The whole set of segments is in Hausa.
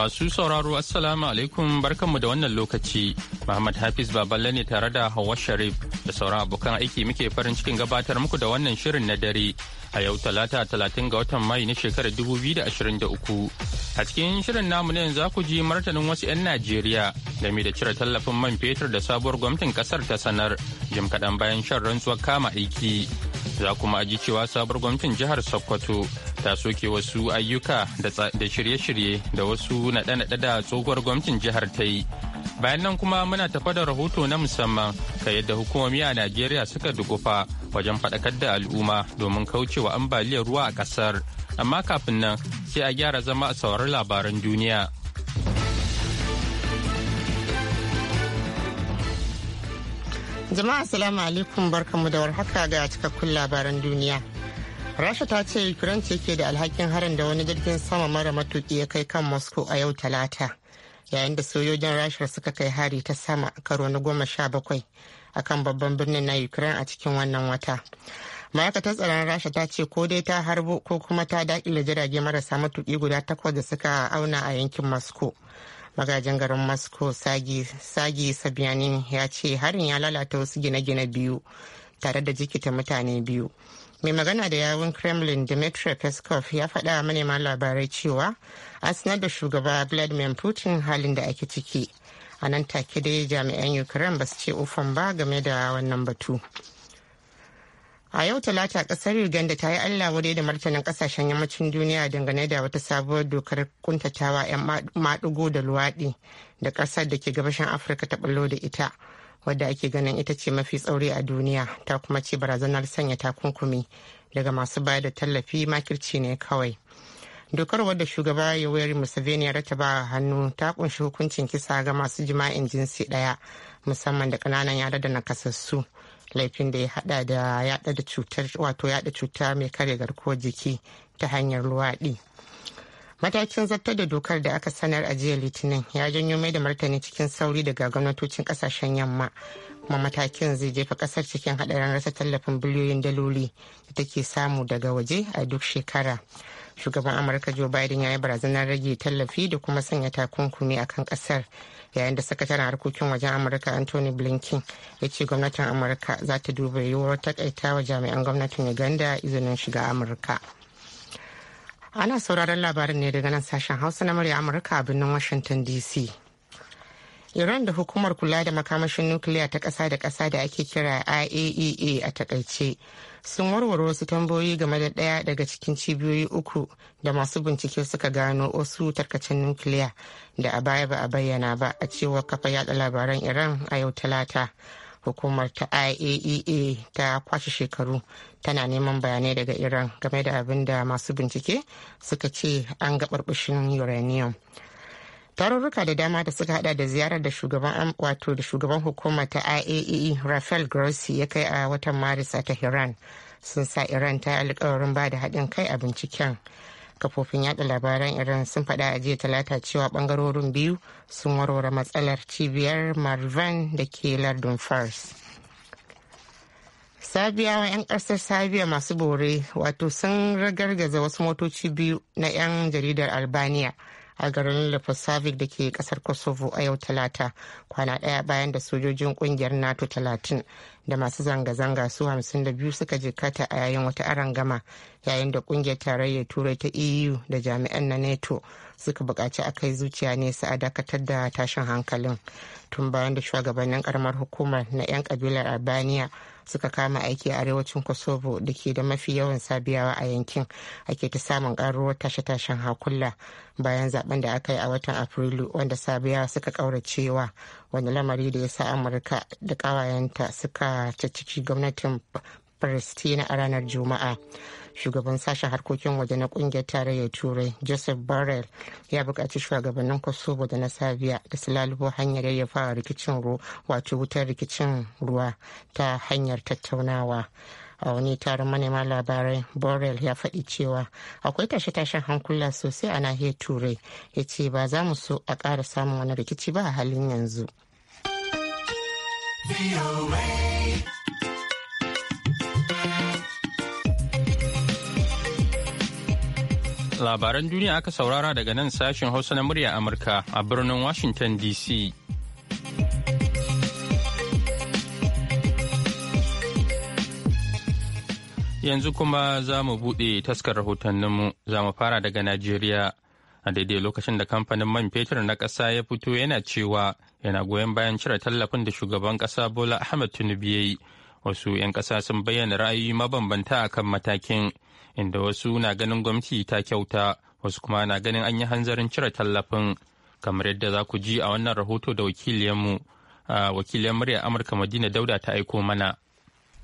Masu sauraro Assalamu alaikum barkanmu da wannan lokaci. Muhammad Hafiz Baballe ne tare da Hawwa Sharif da sauran abokan aiki muke farin cikin gabatar muku da wannan shirin na dare a yau talata talatin ga watan Mai na shekarar 2023. A cikin shirin namu ne za ku ji martanin wasu 'yan Najeriya game da cire tallafin man fetur da sabuwar gwamnatin kasar ta sanar jim kaɗan bayan shan rantsuwar kama aiki. Za kuma ji cewa sabuwar gwamnatin jihar Sokoto ta soke wasu ayyuka da shirye-shirye da wasu naɗe-naɗe da tsohuwar gwamnatin jihar ta yi bayan nan kuma muna tafa da rahoto na musamman ka yadda hukumomi a najeriya suka dukufa wajen faɗakar da al'umma domin kauce wa ambaliyar ruwa a ƙasar amma kafin nan sai a gyara zama a sauran labaran duniya jama'a salamu alaikum barkamu da warhaka ga cikakkun labaran duniya rasha ta ce ukraine ce ke da alhakin harin da wani jirgin sama mara matuki ya kai kan moscow a yau talata yayin da sojojin rasha suka kai hari ta sama karo na goma sha bakwai a kan babban birnin na ukraine a cikin wannan wata ma'aikatar tsaron rasha ta ce ko dai ta harbo ko kuma ta dakile jirage marasa matuki guda takwas da suka auna a yankin moscow magajin garin moscow sagi sabianin ya ce harin ya lalata wasu gine-gine biyu tare da jikita mutane biyu mai magana da yawun kremlin dmitry peskov ya faɗa manema labarai cewa a sanar da shugaba vladimir putin halin da ake ciki a nan take dai jami'an ukraine ba su ce ufan ba game da wannan batu a yau talata kasar uganda ta yi allah wadai da martanin kasashen yammacin duniya dangane da wata sabuwar dokar kuntatawa 'yan maɗigo da luwaɗi da ƙasar da ke gabashin afirka ta ɓallo da ita wadda ake ganin ita ce mafi tsauri a duniya ta kuma ce barazanar sanya takunkumi daga masu bayar da tallafi makirci ne kawai dokar wadda shugaba yoweri museveni ya rataba hannu ta kunshi hukuncin kisa ga masu jima'in jinsi daya musamman da kananan yara da nakasassu laifin da ya hada da yada da cutar wato yada cuta mai kare garkuwar jiki ta hanyar luwaɗi matakin zartar da dokar da aka sanar a jiya litinin ya janyo mai da martani cikin sauri daga gwamnatocin kasashen yamma kuma matakin zai jefa kasar cikin hadarin rasa tallafin biliyoyin daloli da take samu daga waje a duk shekara shugaban amurka joe biden ya yi barazanar rage tallafi da kuma sanya takunkumi a kan kasar yayin da sakataren harkokin wajen amurka anthony blinken ya ce gwamnatin amurka za ta duba yiwuwar takaita wa jami'an gwamnatin uganda izinin shiga amurka Ana sauraron labarin ne daga nan sashen Hausa na murya Amurka a birnin Washington DC. Iran da hukumar kula da makamashin nukiliya ta ƙasa da ƙasa da ake kira IAEA a e takaice sun warware wasu tambayoyi game da ɗaya daga cikin cibiyoyi uku da masu bincike suka gano wasu tarkacen nukiliya da a baya ba a bayyana ba a cewar kafa yada labaran Iran a yau talata. hukumar ta iaea e ta kwashe shekaru tana neman bayanai daga iran game da abin da masu bincike suka ce an ga barbishin uranium tarurruka da dama da suka hada da ziyarar da shugaban wato da shugaban hukumar ta iaea e rafael grossi ya kai a watan maris a tehran sun sa iran ta alƙawarin ba da haɗin kai a binciken kafofin yada labaran iran sun faɗa a jiya talata cewa bangarorin biyu sun warware matsalar cibiyar marvan da ke lardin fars sabiyawa 'yan ƙasar sabiya masu bore wato sun ragargaza wasu motoci biyu na 'yan jaridar albania a garin lafasavik da ke kasar Kosovo a yau talata kwana daya bayan da sojojin kungiyar NATO 30 da masu zanga-zanga su 52 suka jikata a yayin wata arangama yayin da kungiyar tarayyar turai ta EU da jami'an na NATO suka bukaci a kai zuciya su a dakatar da tashin hankalin tun bayan da shugabannin karamar hukumar na 'yan kabilar Albania suka kama aiki a arewacin kosovo da ke da mafi yawan sabiyawa a yankin ake ta samun karuwar tashe-tashen hakula bayan zaben da aka yi a watan afrilu wanda sabiyawa suka kauracewa wani lamari da ya sa amurka da kawayenta suka ciki gwamnatin palestina a ranar juma'a shugaban sashen harkokin waje na kungiyar tarayyar turai joseph barrel ya bukaci shugabannin kosovo da na sabiya da su lalubo hanyar yayyafawa rikicin ruwa wato wutar rikicin ruwa ta hanyar tattaunawa a wani taron manema labarai Borrell ya faɗi cewa akwai tashe-tashen hankula sosai a nahiyar turai ya ce ba za mu so a ƙara samun wani rikici ba a halin yanzu. Labaran duniya aka saurara daga nan sashen Hausa na murya Amurka a birnin Washington DC. Yanzu kuma za mu buɗe taskar rahotanninmu za mu fara daga Najeriya. A daidai lokacin da kamfanin man fetur na ƙasa ya fito yana cewa yana goyon bayan cire tallafin da shugaban ƙasa Bola Ahmed Tinubu ya yi. Wasu 'yan ƙasa sun bayyana ra'ayi mabambanta akan matakin. inda wasu na ganin gwamnati ta kyauta wasu kuma na ganin an yi hanzarin cire tallafin kamar yadda za ku ji a wannan rahoto da wakiliyanmu wakiliyar murya amurka madina dauda ta aiko mana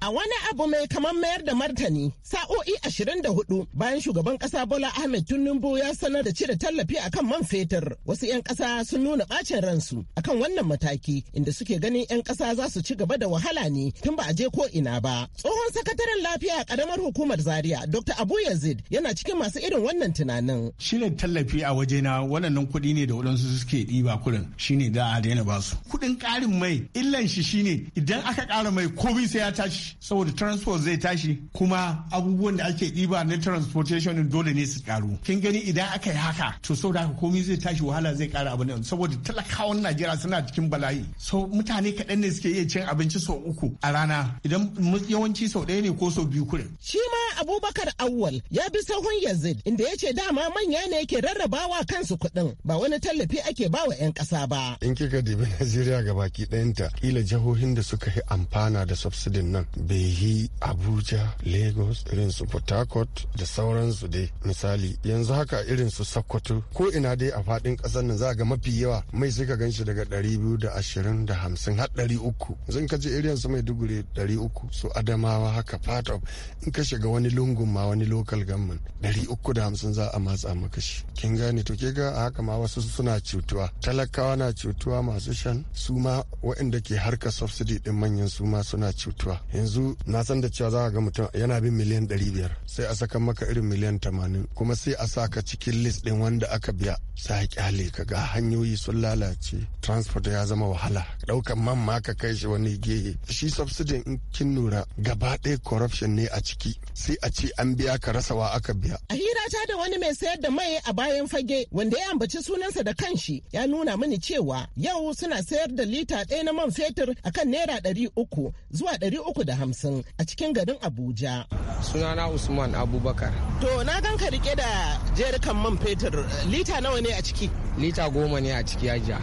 A wani abu mai kamar mayar da martani, sa'o'i 24 bayan shugaban kasa Bola Ahmed Tinubu ya sanar da cire tallafi akan man fetur. Wasu 'yan kasa sun nuna bacin ransu akan wannan mataki inda suke ganin 'yan kasa za su ci gaba da wahala ne tun ba a je ko ina ba. Tsohon sakataren lafiya a karamar hukumar Zaria, Dr. Abu Yazid yana cikin masu irin wannan tunanin. Shirin tallafi a wajena wannan kuɗi ne da waɗansu suke ɗiba kuɗin shine da a daina basu. Kuɗin ƙarin mai illan shi shine idan aka ƙara mai komai sai ya tashi tashi saboda transport zai tashi kuma abubuwan da ake ɗiba na transportation dole ne su karu kin gani idan aka yi haka to saboda haka komai zai tashi wahala zai kara abin saboda talakawan najeriya suna cikin bala'i so mutane kaɗan ne suke iya cin abinci sau uku a rana idan yawanci sau ɗaya ne ko sau biyu kure. shi ma abubakar awwal ya bi sahun yazid inda ya ce dama manya ne ke rarrabawa kansu kuɗin ba wani tallafi ake bawa 'yan ƙasa ba. in kika dibi najeriya ga baki ɗayanta kila jihohin da suka yi amfana da subsidin nan behi abuja lagos irin su port harcourt da sauransu dai misali yanzu haka irin su sokoto ko ina dai a faɗin ƙasar nan za ga mafi yawa mai suka ka gan shi daga ɗari biyu da ashirin da hamsin har ɗari uku zan ka je irin su maiduguri ɗari uku su adamawa haka part of in ka shiga wani lungun ma wani local government ɗari uku da hamsin za a matsa maka shi kin gane to ke ga haka ma wasu suna cutuwa talakawa na cutuwa masu shan su ma waɗanda ke harka subsidy ɗin manyan su ma suna cutuwa yanzu na san da cewa za ka ga mutum yana bin miliyan 500 sai a saka maka irin miliyan 80 kuma sai a saka cikin list din wanda aka biya sai kyale ka ga hanyoyi sun lalace transport ya zama wahala daukan man ma ka kai shi wani gehe shi subsidy in kin nura gaba ɗaya corruption ne a ciki sai a ce an biya ka rasawa aka biya a hira ta da wani mai sayar da mai a bayan fage wanda ya ambaci sunansa da kanshi ya nuna mini cewa yau suna sayar da lita ɗaya na man fetur akan naira ɗari uku zuwa ɗari uku da hamsin a cikin garin Abuja. Sunana Usman Abubakar. To na gan ka rike da jerikan man fetur lita nawa ne a ciki? Lita goma ne a ciki ajiya.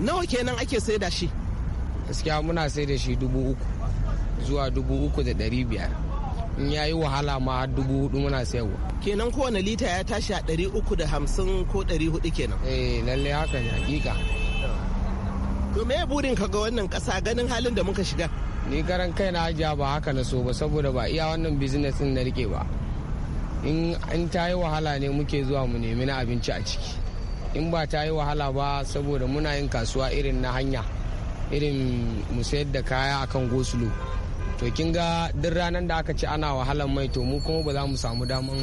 Nawa kenan ake sai da shi? Gaskiya muna sai da shi dubu uku zuwa dubu uku da ɗari biyar. in ya yi wahala ma dubu hudu muna sayarwa. kenan kowane lita ya tashi a ɗari uku da hamsin ko ɗari hudu kenan. eh lalle haka ne hakika. to me burin ka ga wannan kasa ganin halin da muka shiga ni karan kai na hajiya ba haka na so ba saboda ba iya wannan business din na rike ba in an ta yi wahala ne muke zuwa mu nemi na abinci a ciki in ba ta yi wahala ba saboda muna yin kasuwa irin na hanya irin mu sayar da kaya akan gosulo to kin ga duk ranar da aka ci ana wahalan mai to mu kuma ba za mu samu daman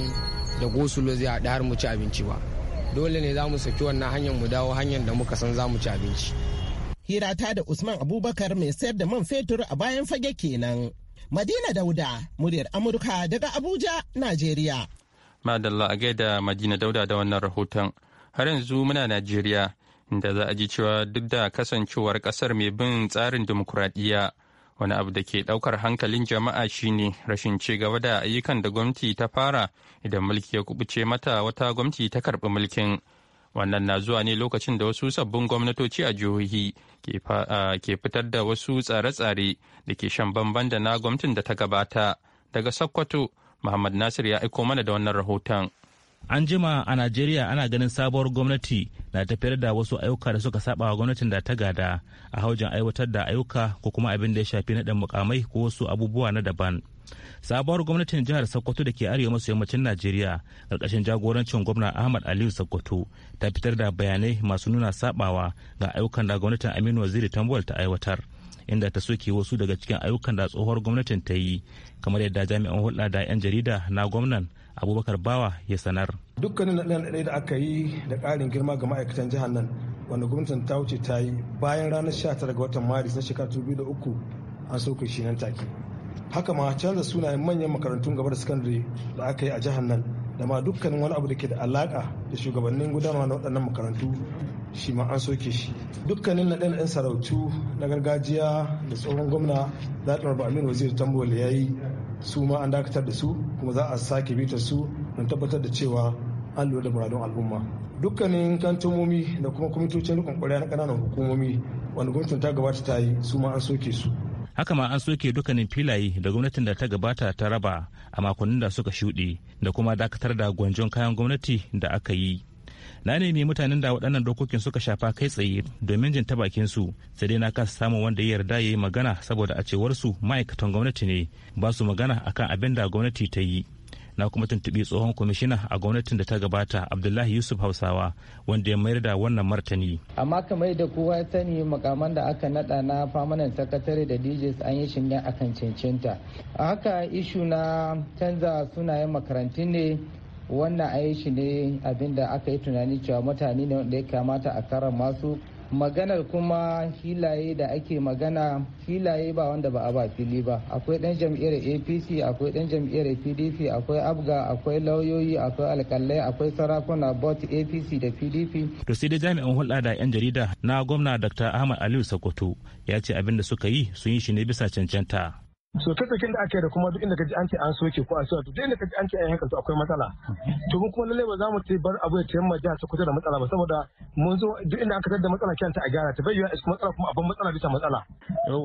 da gosulo zai haɗu har mu ci abinci ba dole ne za mu saki wannan hanyar mu dawo hanyar da muka san za mu ci abinci hirata da Usman Abubakar mai sayar da man fetur a bayan fage kenan. Madina Dauda, muryar Amurka daga Abuja, Najeriya. Madalla a gaida Madina Dauda da wannan rahoton. Har yanzu muna Najeriya, inda za a ji cewa duk da kasancewar kasar mai bin tsarin dimokuraɗiyya. Wani abu da ke ɗaukar hankalin jama'a shine rashin ci gaba da ayyukan da gwamnati ta fara idan mulki ya kubuce mata wata gwamnati ta karɓi mulkin. wannan na zuwa ne lokacin da wasu sabbin gwamnatoci a jihohi ke fitar da wasu tsare-tsare da ke shan bamban da na gwamnatin da ta gabata daga sokoto muhammad nasir ya aiko mana da wannan rahoton an jima a najeriya ana ganin sabuwar gwamnati na tafiyar da wasu ayyuka da suka saba wa gwamnatin da ta gada a haujin aiwatar da ayyuka ko kuma abin da ya shafi naɗin mukamai ko wasu abubuwa na daban sabuwar gwamnatin jihar sokoto da ke arewa maso yammacin najeriya karkashin jagorancin gwamna ahmad aliyu sokoto ta fitar da bayanai masu nuna sabawa ga ayyukan da gwamnatin aminu waziri tambuwal ta aiwatar inda ta soke wasu daga cikin ayyukan da tsohuwar gwamnatin ta yi kamar yadda jami'an hulɗa da 'yan jarida na gwamnan abubakar bawa ya sanar dukkanin naɗe da aka yi da ƙarin girma ga ma'aikatan jihar nan wanda gwamnatin ta wuce ta yi bayan ranar 19 ga watan maris na shekara 2003 an soke shi nan take haka ma canza sunayen manyan makarantun gaba da sakandare da aka yi a jihar nan da ma dukkanin wani abu da ke da alaka da shugabannin gudanarwa na waɗannan makarantu shi ma an soke shi dukkanin naɗin ɗan sarautu na gargajiya da tsohon gwamna zaɗin rabu aminu wazir tambol ya yi su ma an dakatar da su kuma za a sake bitar su don tabbatar da cewa an lura da muradun al'umma dukkanin kantomomi da kuma kwamitocin rikon ƙwarya na ƙananan hukumomi wanda gwamnatin ta gabata ta yi su ma an soke su haka ma an soke dukkanin filaye da gwamnatin da ta gabata ta raba a makonnin da suka shuɗe da kuma dakatar da gwanjon kayan gwamnati da aka yi na nemi mutanen da waɗannan dokokin suka shafa kai tsaye domin jin ta bakin su sai dai na kasa samun wanda ya yarda ya yi magana saboda a cewar su ma'aikatan gwamnati ne ba su magana akan abin da gwamnati ta yi na kuma tuntuɓi tsohon kwamishina a gwamnatin da ta gabata abdullahi yusuf hausawa wanda ya mayar da wannan martani amma kamar da kowa ya sani makaman da aka naɗa na famanan sakatare da djs an yi shi a kan cancanta a haka ishu na canza sunayen makarantun ne wannan aishi yi shi ne abinda aka yi tunani cewa mutane ne wanda ya kamata a karan masu maganar kuma filaye da ake magana filaye ba wanda ba a ba fili ba akwai dan jam'iyyar apc akwai dan jam'iyyar pdp akwai abga akwai lauyoyi akwai alkalai akwai sarakuna bot apc da pdp to sai dai jami'an hulɗa da yan jarida na gwamna dr ahmad aliyu sokoto ya ce abin da suka yi sun yi shi ne bisa cancanta so ta tsakin da aka yi da kuma duk inda kaji an ce an soke ko an soke duk inda kaji an ce an yankan to akwai matsala to kuma lalle ba za mu ce bar abu ya tayyamma jiha su da matsala ba saboda mun zo duk inda aka tada matsala kyan ta a gyara ta bai yiwa matsala kuma abin matsala bisa matsala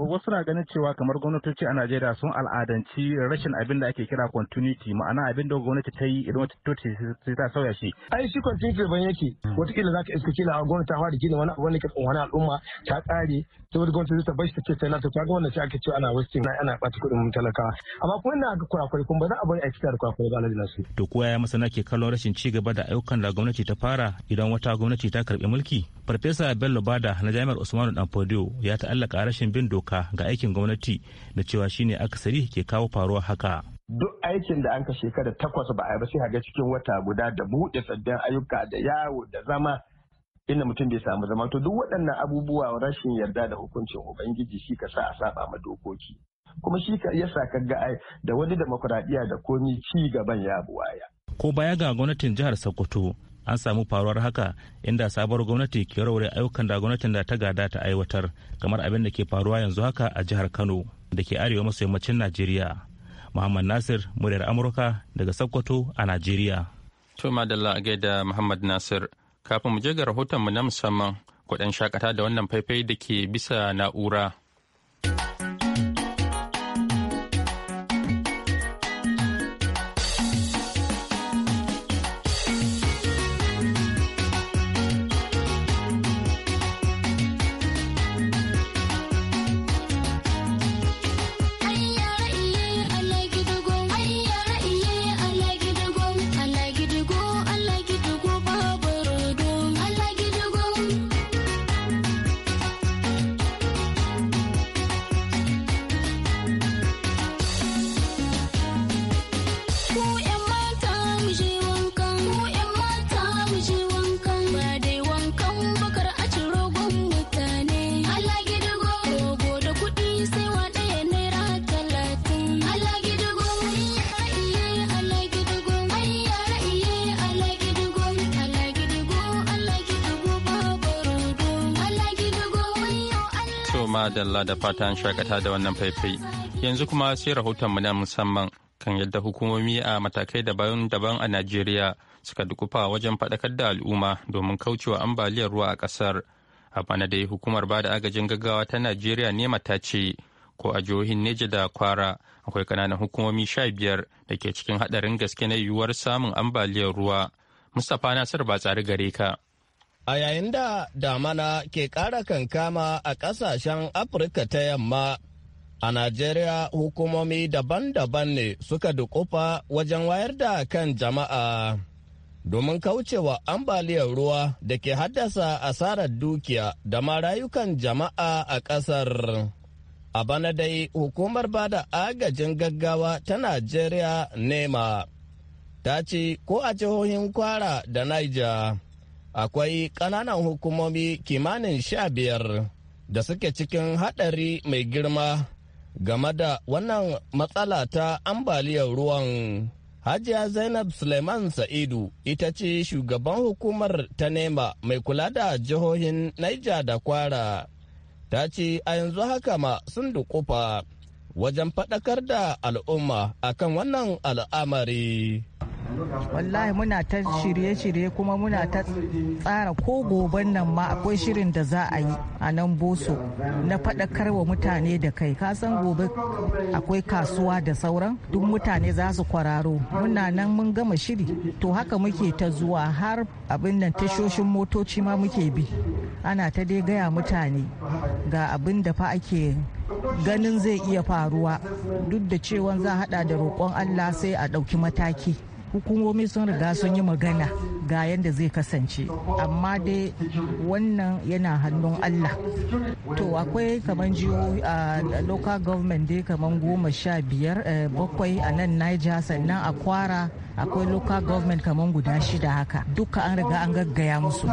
wasu na ganin cewa kamar gwamnatoci a Najeriya sun al'adanci rashin abin da ake kira continuity ma'ana abin da gwamnati ta yi idan wata toce sai ta sauya shi ai shi continuity ban yake wataƙila za ka iska kila gwamnati ta fara gina wani abu wani wani al'umma ta tsare saboda gwamnati ta bashi shi ta ce sai na ta ga wannan sai ake cewa ana wasting ana ɓata kuɗin talaka amma kuma ina ga kurakurai kuma ba za a bari a cika da kurakurai ba nasu. to kuwa ya masana ke kallon rashin ci gaba da ayyukan da gwamnati ta fara idan wata gwamnati ta karɓi mulki farfesa bello bada na jami'ar usmanu danfodiyo ya ta'allaka rashin bin doka ga aikin gwamnati da cewa shine akasari ke kawo faruwa haka. duk aikin da an ka shekara takwas ba a yi ba sai ga cikin wata guda da buɗe sabbin ayyuka da yawo da zama inda mutum bai samu zama to duk waɗannan abubuwa rashin yarda da hukuncin ubangiji shi ka sa a saba ma dokoki kuma shi ka iya sa ga ai da wani demokuraɗiyya da komi ci gaban ya buwaya. Ko baya ga gwamnatin jihar Sokoto an samu faruwar haka inda sabuwar gwamnati ke raure ayyukan da gwamnatin da ta gada ta aiwatar kamar abin da ke faruwa yanzu haka a jihar Kano da ke arewa maso yammacin Najeriya. Muhammad Nasir muryar Amurka daga Sokoto a Najeriya. To madalla a gaida Muhammad Nasir kafin mu je ga rahotonmu na musamman kuɗin shakata da wannan faifai da ke bisa na'ura. madalla da fatan shakata da wannan faifai yanzu kuma sai mu na musamman kan yadda hukumomi a matakai daban-daban a najeriya suka dukufa wajen faɗakar da al'umma domin kaucewa ambaliyar ruwa a ƙasar a bana dai hukumar bada agajin gaggawa ta najeriya ne mata ce ko a jihohin neja da kwara akwai ƙananan hukumomi sha biyar da ke cikin haɗarin gaske na yiwuwar samun ambaliyar ruwa mustapha nasir ba tsari gare ka A yayin da damana ke ƙara kankama a ƙasashen Afirka ta yamma, a Najeriya hukumomi daban-daban ne suka dukufa wajen wayar da kan jama'a. Domin kaucewa ambaliyar ruwa da ke haddasa asarar dukiya da ma rayukan jama'a a ƙasar. A bana dai hukumar bada agajin gaggawa ta Najeriya nema, ta ce ko a jihohin kwara da Niger. akwai ƙananan hukumomi kimanin sha biyar da suke cikin haɗari mai girma game da wannan matsala ta ambaliyar ruwan. Hajiya Zainab Suleiman Sa'idu ita ce shugaban hukumar ta nema mai kula da jihohin Naija da Kwara. Ta ce a yanzu haka ma sun dukufa wajen faɗakar da al'umma akan wannan al'amari. wallahi muna ta shirye-shirye kuma muna ta tsara ko goben nan ma akwai shirin da za a yi a nan boso na faɗakar wa mutane da kai kasan gobe akwai kasuwa da sauran duk mutane za su kwararo muna nan mun gama shiri to haka muke ta zuwa har abin nan tashoshin motoci ma muke bi ana ta dai gaya mutane ga abin da fa ake ganin zai iya faruwa duk da cewa za a hada da roƙon allah sai a ɗauki mataki hukumomi sun riga sun yi magana ga yadda zai kasance amma dai wannan yana hannun allah to akwai kamar jihohi a local government dai kamar goma sha biyar eh, bakwai a nan niger sannan a kwara akwai local government kamar guda shida haka duka an riga an gaggaya musu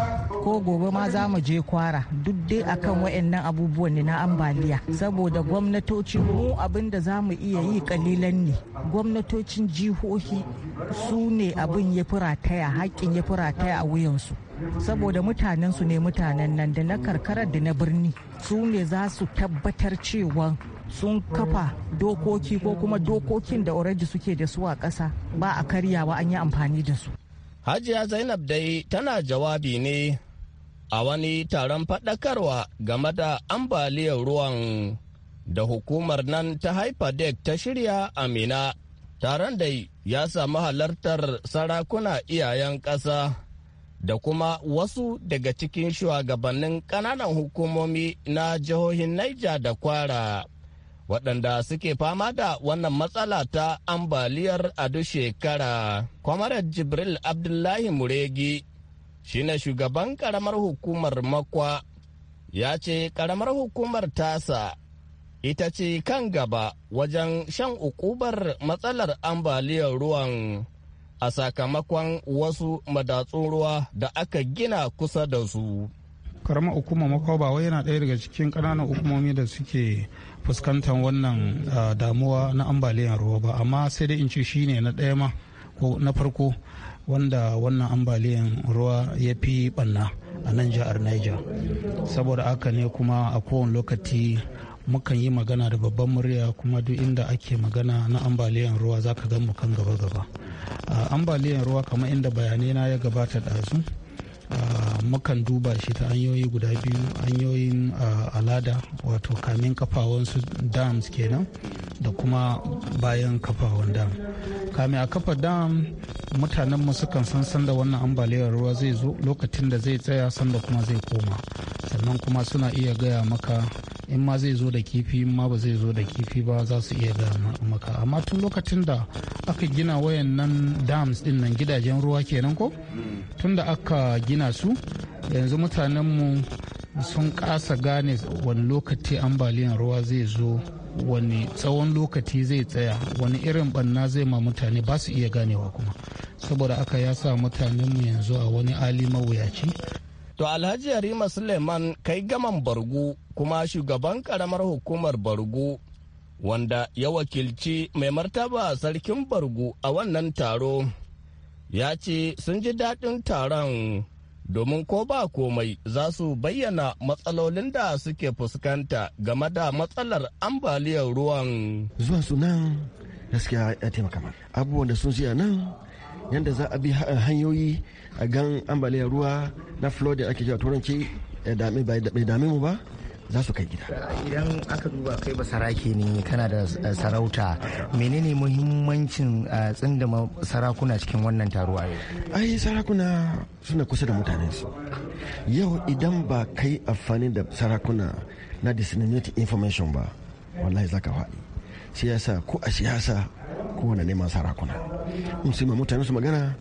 ko gobe ma za mu je kwara duk dai akan wayannan abubuwan ne na ambaliya saboda gwamnatoci mu abin da za mu iya yi kalilan ne gwamnatocin jihohi su ne abin ya rataya haƙƙin ya rataya a wuyansu saboda mutanensu ne mutanen nan da na karkarar da na birni su ne za su tabbatar cewa sun kafa dokoki ko kuma dokokin da oranji suke da su a ƙasa ba a karyawa an yi amfani da su. Hajiya Zainab dai tana jawabi ne a wani taron faɗakarwa game da ambaliyar ruwan da hukumar nan ta haifa ta shirya amina. Taron dai ya samu halartar sarakuna iyayen ƙasa da kuma wasu daga cikin shugabannin ƙananan hukumomi na jihohin Niger da Kwara. waɗanda suke fama da wannan matsala ta ambaliyar a duk shekara. Kwamarar Jibril Abdullahi Muregi shi ne shugaban ƙaramar hukumar makwa ya ce ƙaramar hukumar tasa ita ce kan gaba wajen shan ukubar matsalar ambaliyar ruwan a sakamakon wasu madatsun ruwa da aka gina kusa da su. karamar hukumar makwa ba wai yana ɗaya daga cikin ƙananan hukumomi da suke fuskantar wannan damuwa na ambaliyar ruwa ba amma sai dai in ce shine na ɗaya ma ko na farko wanda wannan ambaliyar ruwa ya fi banna a nan jihar niger saboda haka ne kuma a kowane lokaci mukan yi magana da babban murya kuma duk inda ake magana na ambaliyar ruwa za ka gan mu gaba-gaba ambaliyar ruwa kamar inda bayanai na ya gabata ɗazu Ah, mukan duba shi ta hanyoyi guda biyu hanyoyin ah, alada wato kamin kafawansu dams kenan da kuma bayan kafawan dam kame a kafa dam mutanen mu sukan san sanda wannan ambaliyar ruwa zai zo lokacin da zai tsaya sanda kuma zai koma sannan kuma suna iya gaya maka in ma zai zo da kifi in ma ba zai zo da kifi ba za su iya da maka amma tun lokacin da aka gina wayan nan dams din nan gidajen ruwa kenan ko tun da aka gina su yanzu mutanenmu sun kasa gane wani lokaci ambaliyan ruwa zai zo wani tsawon lokaci zai tsaya wani irin banna zai ma mutane ba su iya ganewa kuma saboda aka ya sa mutanenmu yanzu a wani ali mawuyaci To Alhaji Yarima Suleiman kai gaman Bargu kuma shugaban karamar hukumar Bargu wanda ya wakilci mai martaba sarkin Bargu a wannan taro ya ce sun ji daɗin taron domin ko ba komai za su bayyana matsalolin da suke fuskanta game da matsalar ambaliyar ruwan. Zuwa sunan gaskiya ya taimaka abubuwan da sun siya nan yadda za a bi hanyoyi a gan ambaliyar ruwa na flooding ake cewa turanci bai dame mu ba za su kai gida. Idan aka duba kai ba sarake ne kana da eh, sarauta menene muhimmancin eh, tsindima sarakuna cikin wannan taruwa a yau? Ai sarakuna suna kusa da mutanen su. Yau idan ba kai amfani da sarakuna na disseminated information ba wallahi za ka faɗi. Siyasa ko a siyasa kowane neman sarakuna. Musulman mutane su magana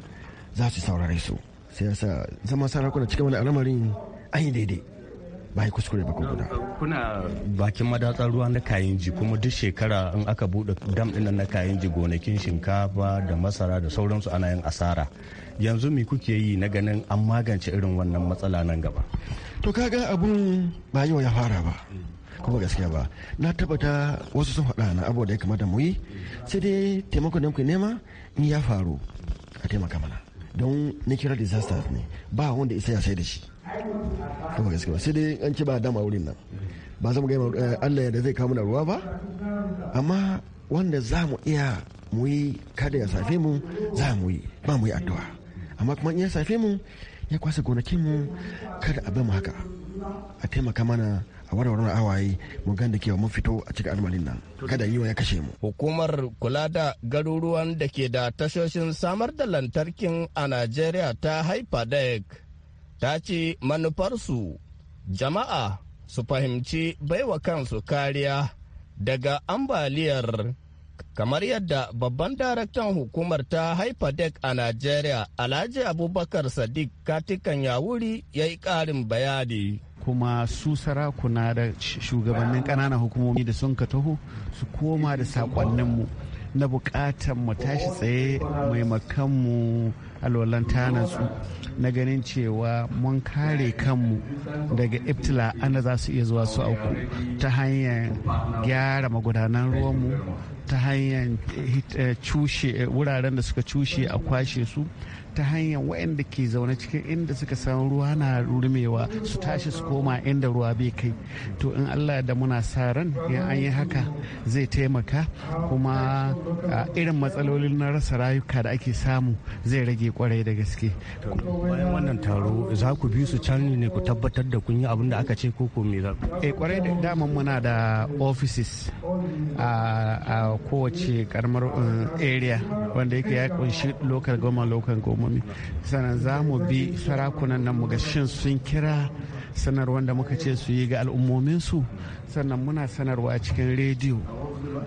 za su saurare su sai sa zama sarakuna cikin wani al'amarin an yi daidai ba yi kuskure ba kuma kuna bakin madatsar ruwa na kayanji kuma duk shekara in aka bude dam ɗin na kayanji gonakin shinkafa da masara da sauransu ana yin asara yanzu me kuke yi na ganin an magance irin wannan matsala nan gaba to kaga abun ba yau ya fara ba kuma gaskiya ba na tabbata wasu sun faɗa na abu da ya kamata mu yi sai dai taimakon da muke nema ni ya faru a taimaka mana don natural disaster ne ba wanda isa ya sai da shi kuma gaske ba sai dai an ci ba dama wurin nan ba za mu gaya eh, Allah da zai kawo mana ruwa ba amma wanda za mu iya mu yi kada ya safe mu za mu yi ba mu yi addu'a amma kuma in ya safe mu ya kwasa gonakin mu kada a mu haka a taimaka mana a wani wani awaye mu gan da kewa mun fito a cikin almalin nan kada yiwa ya kashe mu. Hukumar kula da garuruwan da ke da tashoshin samar da lantarkin a Najeriya ta haifa dek ta ce manufarsu jama'a su fahimci baiwa kansu kariya daga ambaliyar kamar yadda babban daraktan hukumar ta haifadek a najeriya alhaji abubakar sadiq katikan yawuri ya yi karin bayani kuma su sarakuna da shugabannin ƙananan hukumomi da sun ka taho su koma da saƙonninmu na buƙatar mu tashi tsaye maimakanmu alwalan tanatsu na ganin cewa mun kare kanmu daga iftila ana za su iya zuwa su auku ta hanyar gyara magudanan ruwanmu ta hanyar eh, cushe eh, wuraren da suka cushe a kwashe su ta hanyar waɗanda ke zaune cikin inda suka san ruwa na rurmewa su tashi su koma inda ruwa bai kai to in allah da muna sa ran in an yi haka zai taimaka kuma irin matsalolin na rasa rayuka da ake samu zai rage kwarai da gaske bayan wannan taro za ku bi su can ne ku tabbatar da kun yi abin da aka ce ko ko me za eh kwarai da daman muna da offices a kowace karamar um, area wanda yake ya kunshi local goma local goma hukumomi sannan za mu bi sarakunan nan mu ga shin sun kira sanarwar da muka ce su yi ga al'ummominsu sannan muna sanarwa cikin rediyo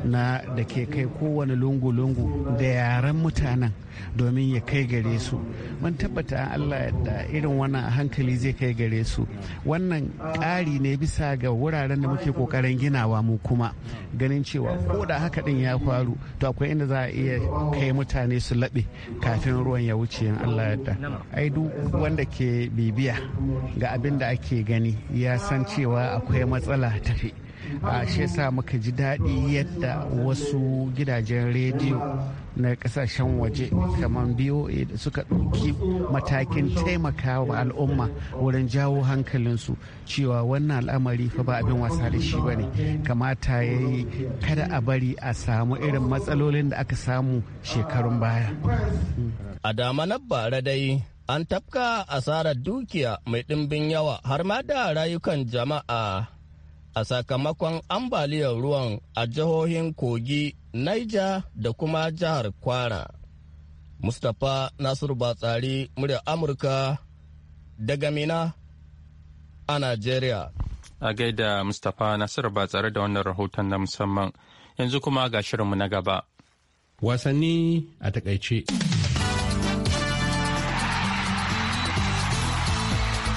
na da ke kai kowane lungu-lungu da yaren mutanen domin ya kai gare su mun tabbata allah da irin wannan hankali zai kai gare su wannan ƙari ne bisa ga wuraren da muke ƙoƙarin ginawa mu kuma ganin cewa ko da haka din ya faru to akwai inda za a iya kai mutane su laɓe kafin ruwan ya wuce in Allah yadda ai duk wanda ke bibiya ga abin da ake gani ya san cewa akwai matsala tafi a shi sa muka ji daɗi yadda wasu gidajen rediyo na kasashen waje kamar BOA da suka ɗauki matakin taimakawa al'umma wurin jawo hankalinsu cewa wannan al'amari fa ba abin wasa da shi ba ne kamata ya yi kada a bari a samu irin matsalolin da aka samu shekarun baya. Hmm. A dama na bara dai an tafka asarar dukiya mai ɗimbin yawa har ma da rayukan jama'a a sakamakon ambaliyar ruwan a jihohin Kogi, Niger da kuma jihar Kwara. Mustapha Nasiru Batsari, murya Amurka daga Mina a Najeriya. A gaida Mustapha Nasiru Batsari da wannan rahoton na musamman. Yanzu kuma ga shirinmu na gaba. wasanni a takaice.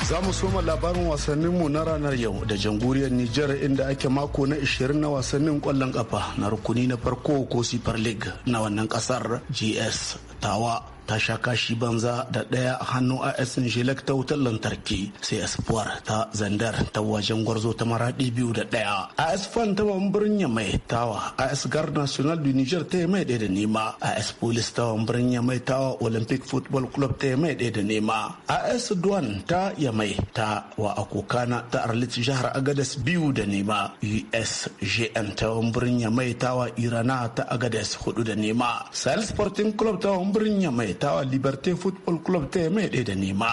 Za mu soma labarin wasanninmu na ranar yau da jamhuriyar Nijar inda ake mako na 20 na wasannin kwallon kafa na rukuni na farko ko Super League na wannan kasar GS Tawa ta sha kashi banza da ɗaya a hannun ta wutar lantarki sai Espoir ta Zandar ta wajen gwarzo ta maraɗi biyu da ɗaya. a Fan ta ya mai tawa a Guard National du Niger ta mai ɗaya da nema. a Police ta ya mai tawa Olympic Football Club ta mai ɗaya da nema. AS Duan ta mai ta wa na ta Arlit jihar agadas biyu da nema. USGN ta ya mai tawa Irana ta agadas hudu da nema. sal Sporting Club ta ya mai maimaitawa liberty football club ta mai ɗaya da nema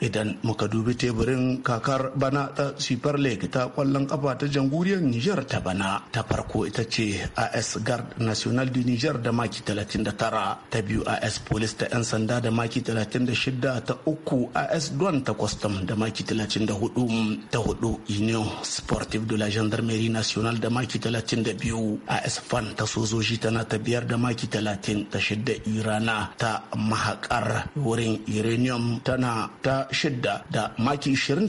idan muka dubi teburin kakar bana ta super league ta kwallon kafa ta jamhuriyar niger ta bana ta farko ita ce as guard national de niger da maki 39 ta biyu as police ta 'yan sanda da maki 36 ta uku as don ta custom da maki 34 ta hudu union sportive de la gendarmerie nationale da maki 32 as fan ta sojoji tana ta biyar da maki 30 ta shida irana ta mahakar wurin uranium tana ta shidda da maki 27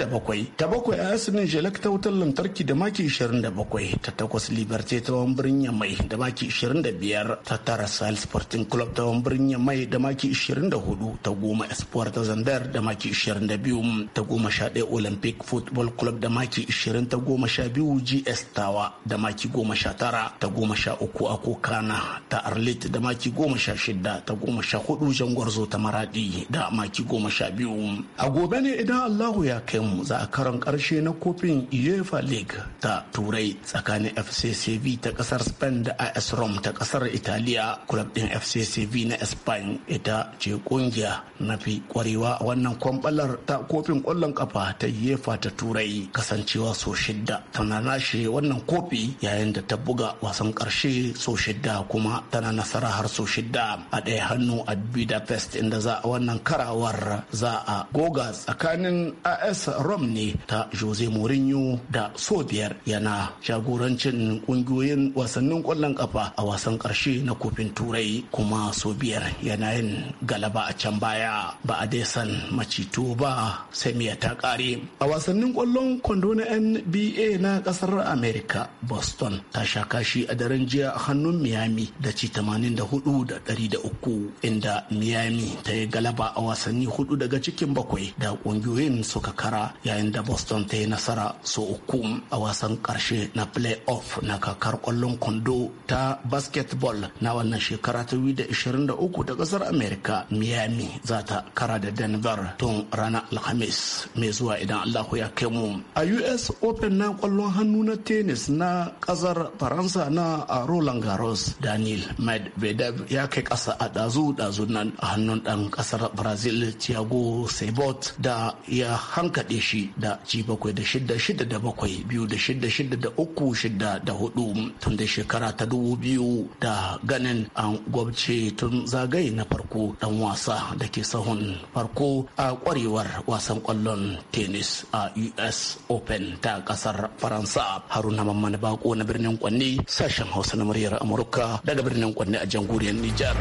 ta bakwai a yasirin jelek ta wutar lantarki da maki 27 ta takwas liberty ta wani birnin mai da maki 25 ta tara sahel sporting club ta wani birnin mai da maki 24 ta goma espoir ta zandar da maki 22 ta goma sha ɗaya olympic football club da maki 20 ta goma sha biyu gs tawa da maki goma sha tara ta goma sha uku a kokana ta arlit da maki goma sha shida ta goma sha hudu wajen gwarzo ta maradi da maki goma sha biyu a gobe ne idan allahu ya kai mu za a karon karshe na kofin uefa league ta turai tsakanin fccv ta kasar spain da as rom ta kasar italiya club din fccv na spain ita ce kungiya fi kwarewa a wannan kwambalar ta kofin kwallon kafa ta uefa ta turai kasancewa so shidda tana nashe wannan kofi yayin da ta buga wasan karshe so shidda kuma tana nasara har so shidda a ɗaya hannu a budapest inda za a wannan karawar za a goga tsakanin as rom ne ta jose mourinho da sobiyar yana jagorancin kungiyoyin wasannin kwallon kafa a wasan karshe na kofin turai kuma sobiyar yana yin galaba a can baya ba a dai san macito ba sai miya ta kare a wasannin kwallon kwando na nba na kasar Amerika boston ta sha kashi a daren jiya hannun miami da ci 84 da 103 inda miami ta yi galaba a wasanni hudu daga cikin bakwai da kungiyoyin suka kara yayin da boston ta yi nasara so uku a wasan karshe na playoff na kakar kwallon kwando ta basketball na wannan shekara ta 2023 ta kasar america miami za ta kara da denver tun ranar alhamis mai zuwa idan allah ya kai mu a us open na kwallon hannu na tennis na kasar faransa na roland garros daniel medvedev ya kai kasa a dazu dazu nan a hannun ɗan ƙasar Brazil Thiago Sebot da ya hankaɗe shi da ci bakwai da shida shida da bakwai biyu da shida shida da uku shida da hudu tun da shekara ta dubu biyu da ganin an gwabce tun zagaye na farko dan wasa da ke sahun farko a kwarewar wasan kwallon tennis a US Open ta kasar Faransa Haruna Mamman Bako na birnin Kwanne sashen Hausa na muryar Amurka daga birnin Kwanne a jamhuriyar Nijar.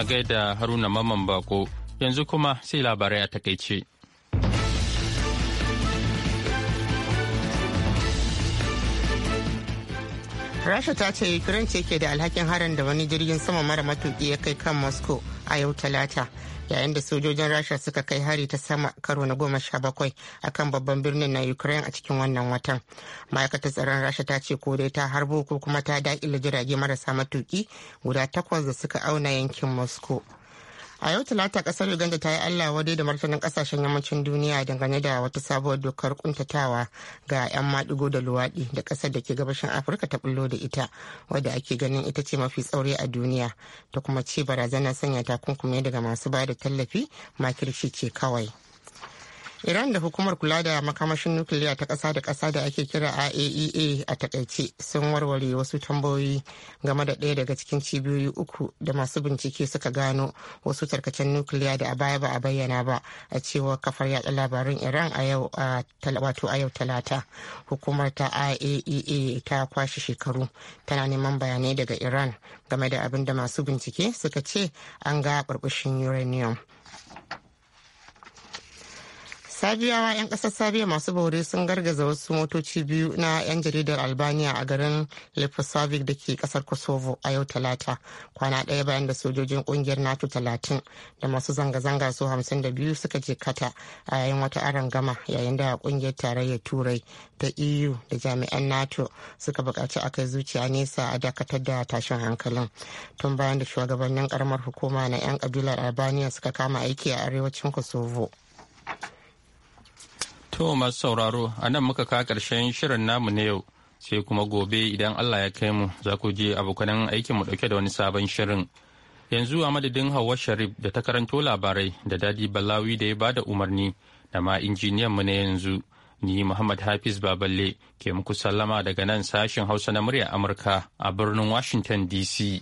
a gaida haruna mamman bako yanzu kuma sai labarai a takaice. rasha ta ce ukraine ce ke da alhakin harin da wani jirgin sama mara matuki ya kai kan moscow a yau talata yayin da sojojin rasha suka kai hari ta sama karo na goma sha bakwai akan babban birnin na ukraine a cikin wannan watan ma'aikatar tsaron rasha ta ce ko dai ta harbo ko kuma ta daƙile jirage marasa matuki guda takwas da suka auna yankin moscow a yau talata kasar uganda ta yi allah wadai da martanin kasashen yammacin duniya dangane da wata sabuwar dokar kuntatawa ga 'yan maɗigo da luwaɗi da ƙasar da ke gabashin afirka ta bullo da ita wadda ake ganin ita ce mafi tsauri a duniya ta kuma ce barazana sanya takunkumi daga masu ba da tallafi makirci ce kawai Iran da hukumar kula da makamashin nukiliya ta ƙasa da ƙasa da ake kira IAEA a e takaice sun warware wasu tambayoyi game da ɗaya daga cikin cibiyoyi uku da masu bincike suka gano wasu tarkacen nukiliya da a baya ba a bayyana ba a cewa kafar yaɗa labarin Iran a yau wato a yau talata. Hukumar ta IAEA e ta kwashe shekaru tana neman bayanai daga Iran game da abin da masu bincike suka ce an ga burbushin uranium. sabiyawa 'yan kasar sabiya masu bore sun gargaza wasu motoci biyu na 'yan jaridar albania a garin leposavic da ke kasar kosovo a yau talata kwana ɗaya bayan da sojojin kungiyar nato talatin da masu zanga-zanga su hamsin da biyu suka je kata a yayin wata aron gama yayin da kungiyar tarayyar turai ta eu da jami'an nato suka bukaci a kai zuciya nesa a dakatar da tashin hankalin tun bayan da shugabannin karamar hukuma na 'yan kabilar albania suka kama aiki a arewacin kosovo To masu sauraro a nan muka ka karshen shirin namu na yau sai kuma gobe idan Allah ya kai mu za ku je abokanan aikin mu ɗauke da wani sabon shirin. Yanzu a madadin Hauwa Sharif da ta karanto labarai da Dadi Balawi da ya ba da umarni da ma injiniyan mu na yanzu. Ni Muhammad Hafiz Baballe ke muku sallama daga nan sashen Hausa na murya Amurka a birnin Washington DC.